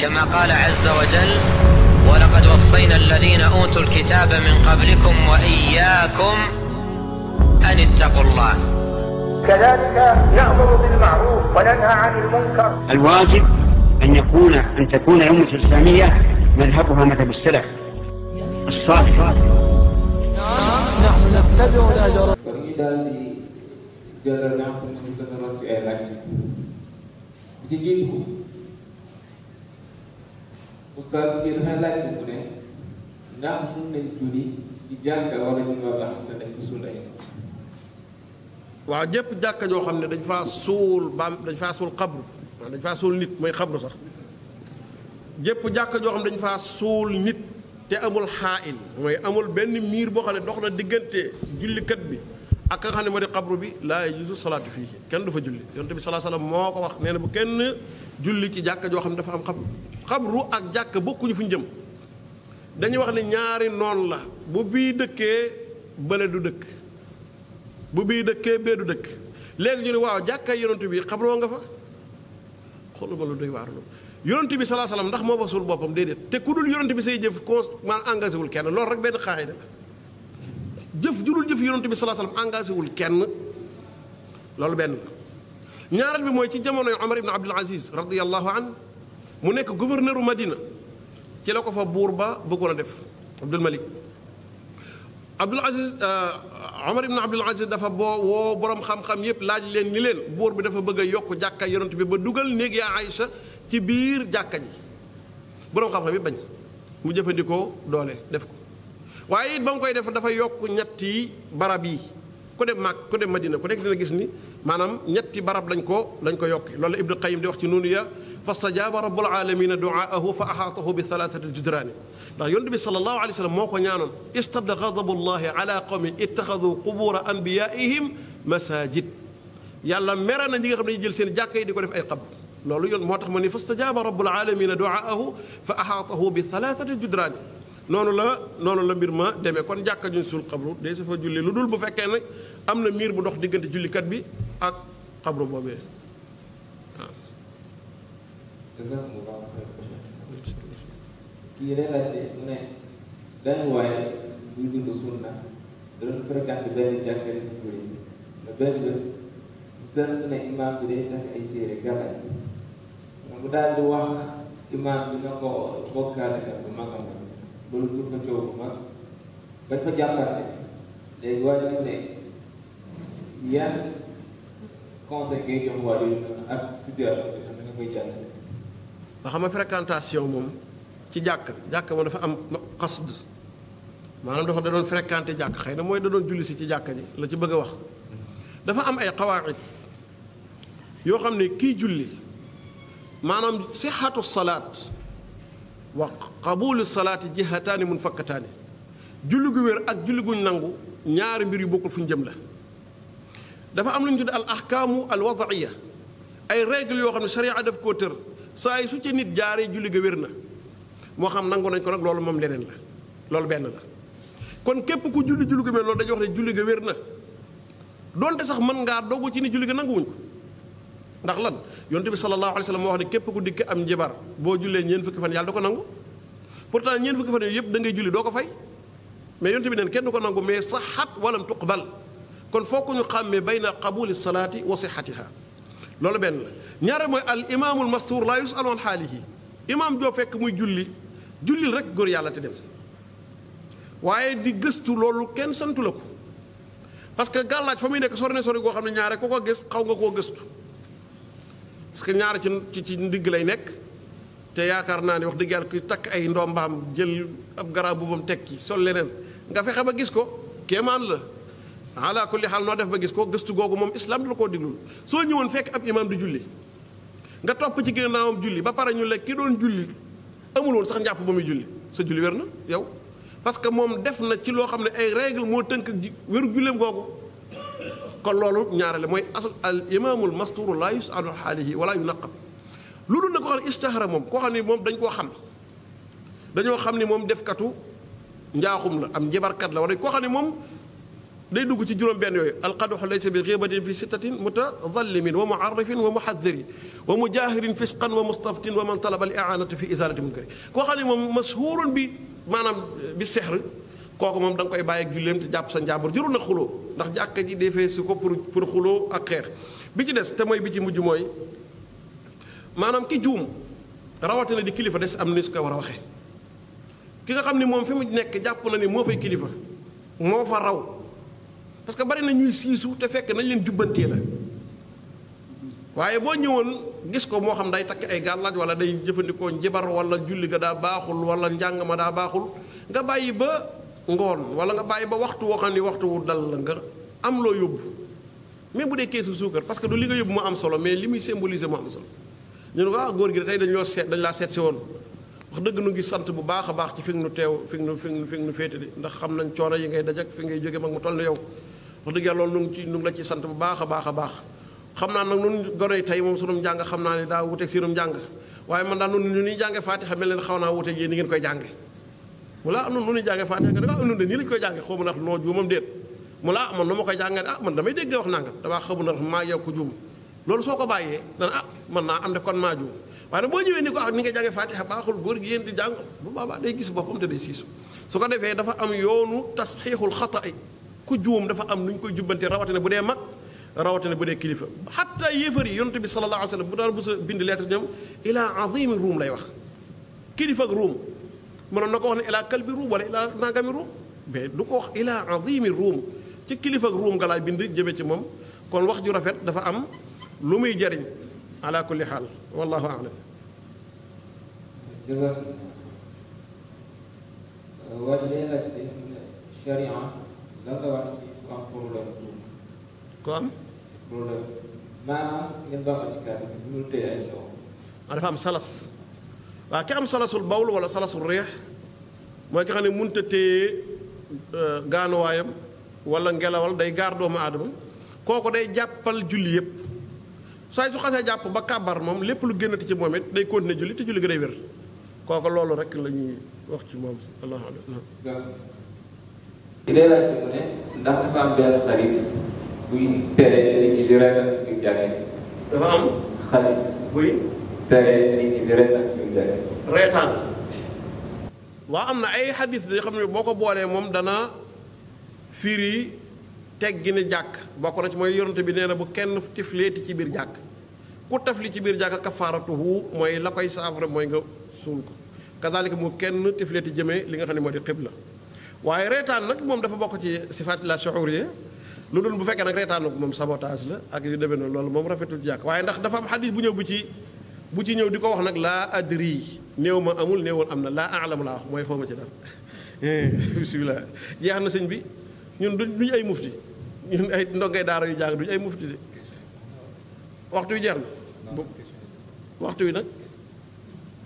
كما قال عز وجل ولقد وصينا الذين أوتوا الكتاب من قبلكم وإياكم أن اتقوا الله كذلك نأمر بالمعروف وننهى عن المنكر الواجب أن يكون أن تكون الأمة الإسلامية مذهبها مذهب السلف الصالح نحن نتبع الأجر ustaas bi dafay laajte mu xam ne dañ ko suul waaw jëpp jàkka joo xam ne dañ faa suul baam dañ faa suul xabru dañ faa nit mooy xabru sax jëpp jàkka joo xam ne dañ faa suul nit te amul xaa-in mooy amul benn miir boo xam dox na diggante jullikat bi ak nga xam ne moo di xabru bi laa yajuuzu salaatu fii kenn du fa julli yonent bi salaa salaam moo ko wax nee na bu kenn julli ci jàkka joo xam ne dafa am xabru xabru ak jàkk bokkuñu fi ñu jëm dañuy wax ne ñaari noon la bu bii dëkkee bële du dëkk bu bii dëkkee bee du dëkk léegi ñu ne waaw jàkkaay yonent bi xabroo nga fa xoolu lu doy waar lu yonent bi salaa salaam ndax moo fa suul boppam déedéet te ku dul yonent bi say jëf con man engagé wul kenn loolu rek benn xaaxida jëf ju jëf yonent bi salaa salaam engagé wul kenn loolu benn la bi mooy ci jamonoy Omar ibn Abdul Aziz radiyallahu an mu nekk gouverneur Madina ci la ko fa buur ba bëggoon def Abdul Malik Abdul Aziz euh, Omar ibn Abdul Aziz dafa boo woo borom xam-xam yépp laaj leen ni leen buur bi dafa bëgg a yokk jàkka yonent bi ba dugal néeg yaa Aïcha ci biir jàkka ji borom xam-xam yi bañ mu jëfandikoo doole def ko waaye it ba mu koy def dafa yokk ñetti barab yi ku dem mag ku dem Madina ku nekk dina gis ni maanaam ñetti barab lañ ko lañ ko yokki loolu Ibnu Qayyim di wax ci noonu فاستجاب رب العالمين دعاءه فأحاطه بثلاثة الجدران لا يلد صلى الله عليه وسلم موقع نانون استبد غضب الله على قوم اتخذوا قبور أنبيائهم مساجد يلا مرنا نجي قبل نجي لسين جاكي دي قريف أي قبل لولو يلد موتخ مني فاستجاب رب العالمين دعاءه فأحاطه بثلاثة الجدران نون لا نون لا ميرما دمي كون جاكا جون سول قبرو دي سفا جولي لدول بفكين امنا مير بدوخ ديغنت جولي كاتبي اك قبرو بوبي dëgg bu baax kii day laajte mu ne benn waaye buy dund sunna da doon fréquenté benn jàngale bu bëri ne benn bés bu seetlu ne imaam bi day takk ay téere di wax imaam bi na ko bokkaale kat bu magam loolu pour fa coow bu mag bañ fa jàppante léegi ne yan conseil ngay jox waa ji ak situation bi xam ne nga nga xam ne fréquentation moom ci jàkk jàkk moom dafa am xasd maanaam dafa da doon fréquenté jàkk xëy na mooy da doon julli si ci jàkk ji la ci bëgg a wax dafa am ay xawaarit yoo xam ne kii julli maanaam sixatu salaat wa qabulu salaati jihataani mun fakkataani julli gu wér ak julli guñ nangu ñaari mbir yu bokkul fu ñu jëm la dafa am lu ñu tudd al ahkaamu al wadaia ay règle yoo xam ne sharia daf koo tër saa yi su ca nit jaaree julli ga wér na moo xam nangu nañ ko nag loolu moom leneen la loolu benn la kon képp ku julli julli ga mel loolu dañuy wax ne julli ga wér na donte sax mën ngaa dogu ci ni julli ga nanguwuñ ko ndax lan yonte bi sallallahu alayhi wa sallam moo wax ne képp ku dikk am njabar boo jullee ñeen fukki fan yàlla da ko nangu pourtant ñeen fukki fan yooyu yëpp da ngay julli doo ko fay mais yonte bi neen kenn du ko nangu mais saxat walam tuqbal kon foo ko ñu xàmmee bayna qabuli salaati wa sixatiha loolu benn la ñaare mooy al imaamul mastuur laa anoon an xaalihi imaam joo fekk muy julli jullil rek góor yàlla te dem waaye di gëstu loolu kenn santu la ko parce que gàllaaj fa muy nekk sori na sori goo xam ne ñaare ko ko gis xaw nga koo gëstu parce que ñaare ci ci ndigg lay nekk te yaakaar naa ne wax dëgg yàlla kuy takk ay ndombaam jël ab garab boobam tekki sol leneen nga fexe ba gis ko kéemaan la ala kulli xaal noo def ba gis ko gëstu googu moom islam du la koo diglul soo ñëwoon fekk ab imaam di julli nga top ci gënaawum julli ba pare ñu lek ki doon julli amul won sax njàpp bu muy julli sa julli werna yow parce que mom def na ci lo xamné ay règle mo teunk wër julleem googu kon lolu ñaarale moy asal al imamul mastur la yusalu xaalihi wala yunqab lu nako na istihara mom ko xamni mom dañ ko xam dañu xamni mom def katu njaaxum la am kat la wala ko xamni mom day dugg ci juróom benn yooyu alqadoxu laysa bi ghibatin fi sittatin mutadhallimin wa muarrifin wa muxadirin wa mujahirin fisqan wa mustaftin wa man talaba al i'anata fi izalati munkari ko xani mom mashhurun bi manam bi sihr koku mom dang koy baye ak julem te japp sa njabur jurul na xulo ndax jakka ji defé su ko pour pour xulo ak xex bi ci dess te moy bi ci muju moy manam ki joom rawati na di kilifa dess am nis ko wara waxe ki nga xamni mom fi mu nek japp na ni mo fay kilifa mo fa raw parce que bari na ñuy sisu te fekk nañ leen jubbante la waye bo ñëwoon gis ko moo xam day takk ay gàllaaj wala day jëfandikoo njibar wala julli ga daa baaxul wala njàng ma daa baaxul nga bàyyi ba ngoon wala nga bàyyi ba waxtu woo xam ni waxtu wu dal la nga am loo yóbbu mais bu dee keesu suukar parce que du li nga yóbbu mu am solo mais li muy symboliser mu am solo ñu ne ko góor gi tey dañ loo seet dañ laa seet si woon wax dëgg nu ngi sant bu baax a baax ci fi nga nu teew fi nga nu fi nga nu fi nga nu féetali ndax xam nañ coono yi ngay dajak fi ngay jóge mag mu toll yow wax dëgg yàlla loolu nu ngi ci nu la ci sant bu baax a baax a baax xam naa nag nun goroy tey moom sunum njàng xam naa ne daa wuteeg sinum njàng waaye man daal nun ñu nuy jànge faatixa mel leen xaw naa wuteeg yéen ni ngeen koy jànge mu laa nun nu nuy jànge faatixa nga dafa nun de nii ma ndax noo juumam déet mu laa ah, man nu ma koy jànge ah man damay na ko juum loolu ko bàyyee dana ah man naa am kon maa juum waaye nag boo ñëwee ko ah ni nga jànge faatixa baaxul góor gi yéen di jàng bu baabaa day gis boppam te day siisu su ko defee dafa am yoonu tasxiixul xata ku juum dafa am lu ñu koy jubbante rawatina bu dee mag rawatina bu dee kilifa xatta yéefar yi yonent bi sallallahu alayhi wa sallam bu daan bu sa bind lettre ñoom ila azimi ruum lay wax kilifa ak ruum mënoon na ko wax ne ilaa kalbi ruum wala ila nangami ruum mais du ko wax ila azimi ruum ci kilifa ak ruum nga laay bind jëme ci moom kon wax ju rafet dafa am lu muy jariñ ala kulli xaal wallahu alam والليلة loolu la maanaam dafa am salas waaw ki am salasul bawl wala salasul reex mooy ki xam ne mënut gaanuwaayam wala ngelawal day gaar doomu aadama kooku day jàppal julli yëpp saa su xasee jàpp ba kàbbar moom lépp lu génnati ci moom it day continuer julli te julli gi day wér kooku loolu rek la ñuy wax ci moom alhamdulilah. am benn xaris. buy tere nit ñi di reetaan ñu jàngee. dafa am. xaalis buy. tere nit ñi di reetaan ñu jàngee. reetaan. waaw am na ay xadis yoo xam ne boo ko boolee moom dana firi teggini jàkk bokk na ci mooy yoronte bi nee na bu kenn tifleeti ci biir jàkk ku tafli ci biir jàkk kafaaratuhu mooy la koy saafara mooy nga suul ko kazalika mu kenn tifleeti jëmee li nga xam ne moo di xibla waaye reetaan nag moom dafa bokk ci sifaat la shuuriyya lu dul bu fekkee nag reetaanu moom sabotage la ak yu demee noonu loolu moom rafetul jàkk waaye ndax dafa am xadis bu ñëw bu ci bu ci ñëw di ko wax nag laa adri néew ma amul néewoon am na laa aalam laa wax mooy xaw ma ci dara bisimilah jeex na sëñ bi ñun duñ ay mufti ñun ay ndongay daara yu jàng duñ ay mufti de waxtu yu jeex na waxtu wi nag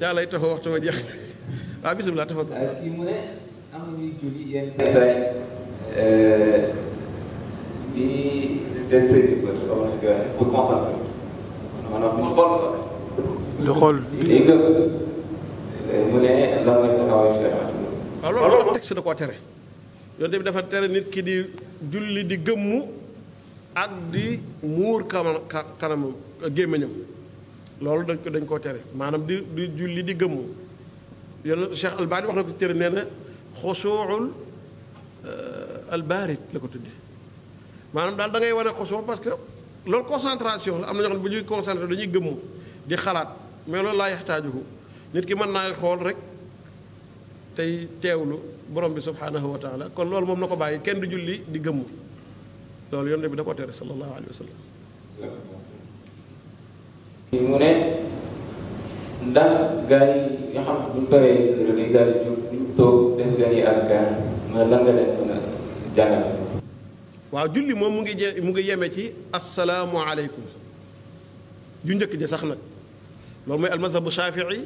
yàlla taxaw waxtu wa jeex waaw bisimilah tafa kii mu ne لخل waaw loolu loolu texte da koo tere yonte bi dafa tere nit ki di julli di gëmmu ak di muur kanam kanamam gémmiñam loolu dañ ko dañ koo tere maanaam di di julli di gëmmu yonn Cheikh Albani wax na ko tere nee na xusuul albarit la ko tuddee maanaam daal da ngay wane xusoo parce que loolu concentration la am na ñoo xam ne bu ñuy concentré dañuy gëmm di xalaat mais loolu laa yaxtaajuhu nit ki mën naa xool rek tey teewlu borom bi subhaanahu wa taala kon loolu moom na ko bàyyi kenn du julli di gëmm loolu yonent bi da tere sallallahu alayhi wa sallam nga xam di jóg duñ toog def seen lan nga leen mën a waaw julli moom mu ngi je mu ngi yeme ci asalaamualeykum ju njëkk ji sax nag loolu mooy almadhabu shafii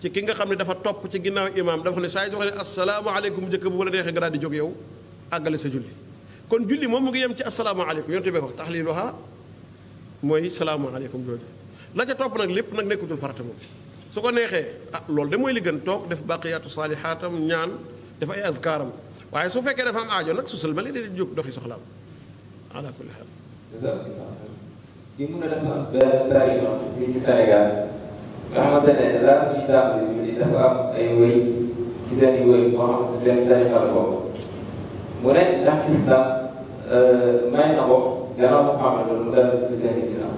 ci ki nga xam ne dafa topp ci ginnaaw imaam dafa ne saa yi wax ne asalaamualeykum njëkk bu la neexee nga daal di jóg yow àggale sa julli kon julli moom mu ngi yem ci asalaamualeykum yonte bee ko taxliluha mooy salaamualeykum jooju la ca topp nag lépp nag nekkutul farata moom su ko neexee ah loolu de mooy li gën toog def baqiyatu saalihaatam ñaan def ay azkaaram waaye su fekkee dafa am aajo nag su sëlmale di jóg doxi soxlaam ala kulli xaal. di mun a dafa am benn tradition fii ci Sénégal nga xamante ne laata ñuy tàmbali julli dafa am ay wéy ci seen i wéy moo xam ne seen tarixa la bokk mu ne ndax islam may na ko gannaaw mu xam ne mu dal ci seen ginnaaw.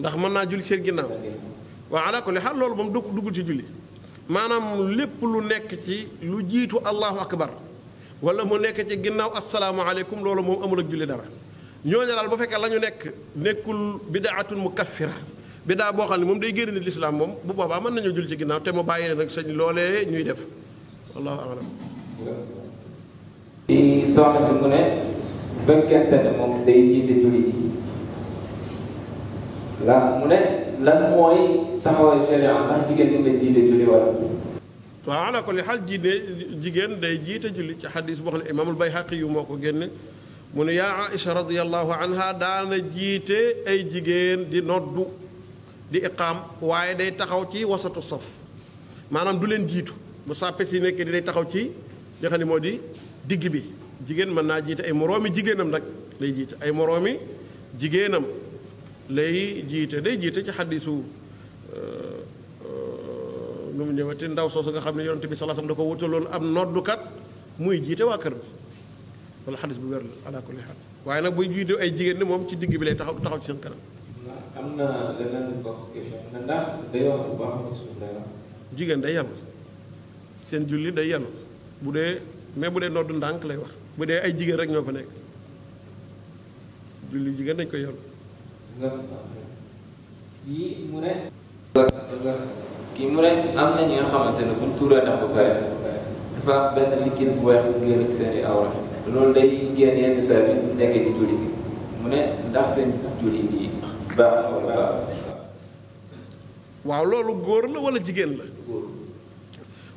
ndax mën naa julli seen ginnaaw. waaw ala kulli xaal loolu moom du duggul ci julli maanaam lépp lu nekk ci lu jiitu allahu akbar wala mu nekk ci ginnaaw asalaamaaleykum loolu moom amul ak julli dara ñooñu daal bu fekkee la ñu nekk nekkul bidaatun mukaffira bidaa boo xam ne moom day génn lislaam moom bu boobaa mën nañoo jul ci ginnaaw te mu bàyyi leen nag sëñ loolee ñuy def wallahu alam di soxna mu ne moom day jiite julli ji la mu ne lan mooy taxawal sharia ndax jigéen ñi nga jiite julli wala waaw ala kulli xaal jiine jigéen day jiite julli ci xadis boo xam ne imaamul bayhaqi yu moo ko génne mu ne yaa aïcha radiallahu anha daana jiite ay jigéen di noddu di iqaam waaye day taxaw ci wasatu saf maanaam du leen jiitu bu sàppe si nekkee di day taxaw ci li di digg bi jigéen mën naa jiite ay moroomi jigéenam nag lay jiite ay moroomi jigéenam lay jiite day jiite ci xadisu nu mu ñëwati ndaw soosu nga xam ne yonent bi salaasam da ko wutaloon am noddukat muy jiite waa kër bi loolu xadis bu wér la ala kulli waaye nag buy jiite ay jigéen ñi moom ci digg bi lay taxaw taxaw seen kanam. day jigéen day yàlla seen julli day yàlla bu dee mais bu dee noddu ndànk lay wax bu dee ay jigéen rek ñoo ko nekk julli jigéen dañ koy yàlla. kii mu ne am na ñi nga xamante ne buñ tuuree ndax ba pare dafa benn liquide bu weex bu génn ci seen loolu day génn yenn saa yi nekkee ci julli bi mu ne ndax seen julli bi baax na wala waaw loolu góor la wala jigéen la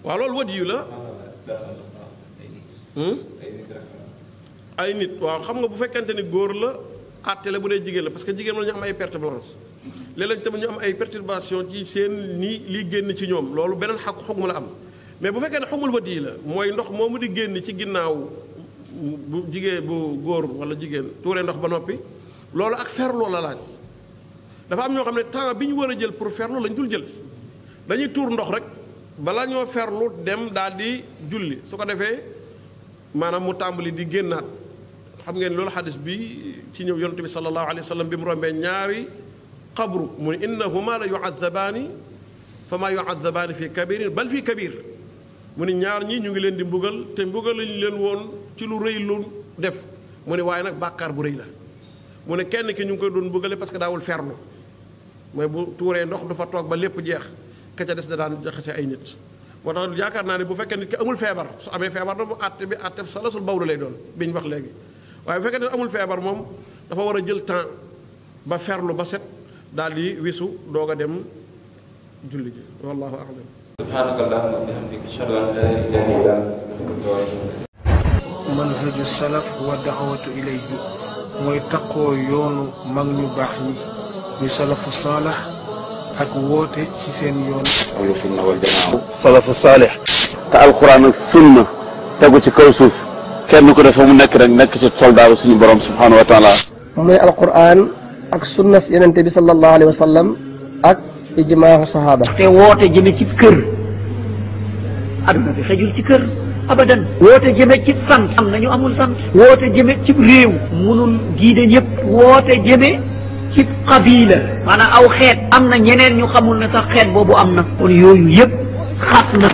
waaw loolu wadi yu la ah, ah, hmm? ay nit waaw xam nga bu fekkente ni góor la àtte la bu dee jigéen la parce que jigéen mën nañu am ay perte blanche léeg-léeg tamit ñu am ay perturbation ci seen ni li génn ci ñoom loolu beneen xaq xukm la am mais bu fekkee ne xukmul la mooy ndox moomu di génn ci ginnaaw bu jigéen bu góor wala jigéen tuuree ndox ba noppi loolu ak ferloo la laaj dafa am ñoo xam ne temps bi ñu war a jël pour lañ dul jël dañuy tuur ndox rek bala ñoo ferlu dem daal di julli su ko defee maanaam mu tàmbali di génnaat xam ngeen loolu xadis bi ci ñëw yonente bi sallallahu alayhi wa bi mu rombee ñaari قبره من إنهما لا يعذبان فما يعذبان في كبير بل في كبير mu ne ñaar ñii ñu ngi leen di mbugal te mbugal lañu leen woon ci lu rëy lu def mu ne waaye nag bàkkaar bu rëy la mu ne kenn ki ñu ngi koy doon mbugale parce que daawul ferlu mooy bu tuuree ndox du fa toog ba lépp jeex ka ca des da daan jaxase ay nit moo tax yaakaar naa ne bu fekkee nit ki amul feebar su amee feebar da bu àtte bi àtte salasul bawlu lay doon bi ñu wax léegi waaye bu fekkee ne amul feebar moom dafa war a jël temps ba ferlu ba set daal di wisu doog a dem julli ji wallahu a'lam سبحانك اللهم وبحمدك اشهد ان لا اله الا انت استغفرك واتوب اليك منهج السلف والدعوه اليه mooy taqoo yoonu mag ñu baax ñi ñu salafu saalax ak woote ci seen yoon ahlu sunna wal jamaa salafu saalax te alquran ak sunna tegu ci kaw suuf kenn ku defa mu nekk rek nekk ci soldaaru suñu borom subhanahu wa taala mooy alquran ak sunna yenente bi sallallahu alayhi wa sallam ak ijma'u sahaba te wote jëme ci keur aduna fi xejul ci keur abadan wote jëme ci sant am nañu amul sant wote jëme ci rew munul gide ñep wote jëme ci qabila mana aw xet amna ñeneen ñu xamul na sax xet bobu amna kon yoyu yep xat na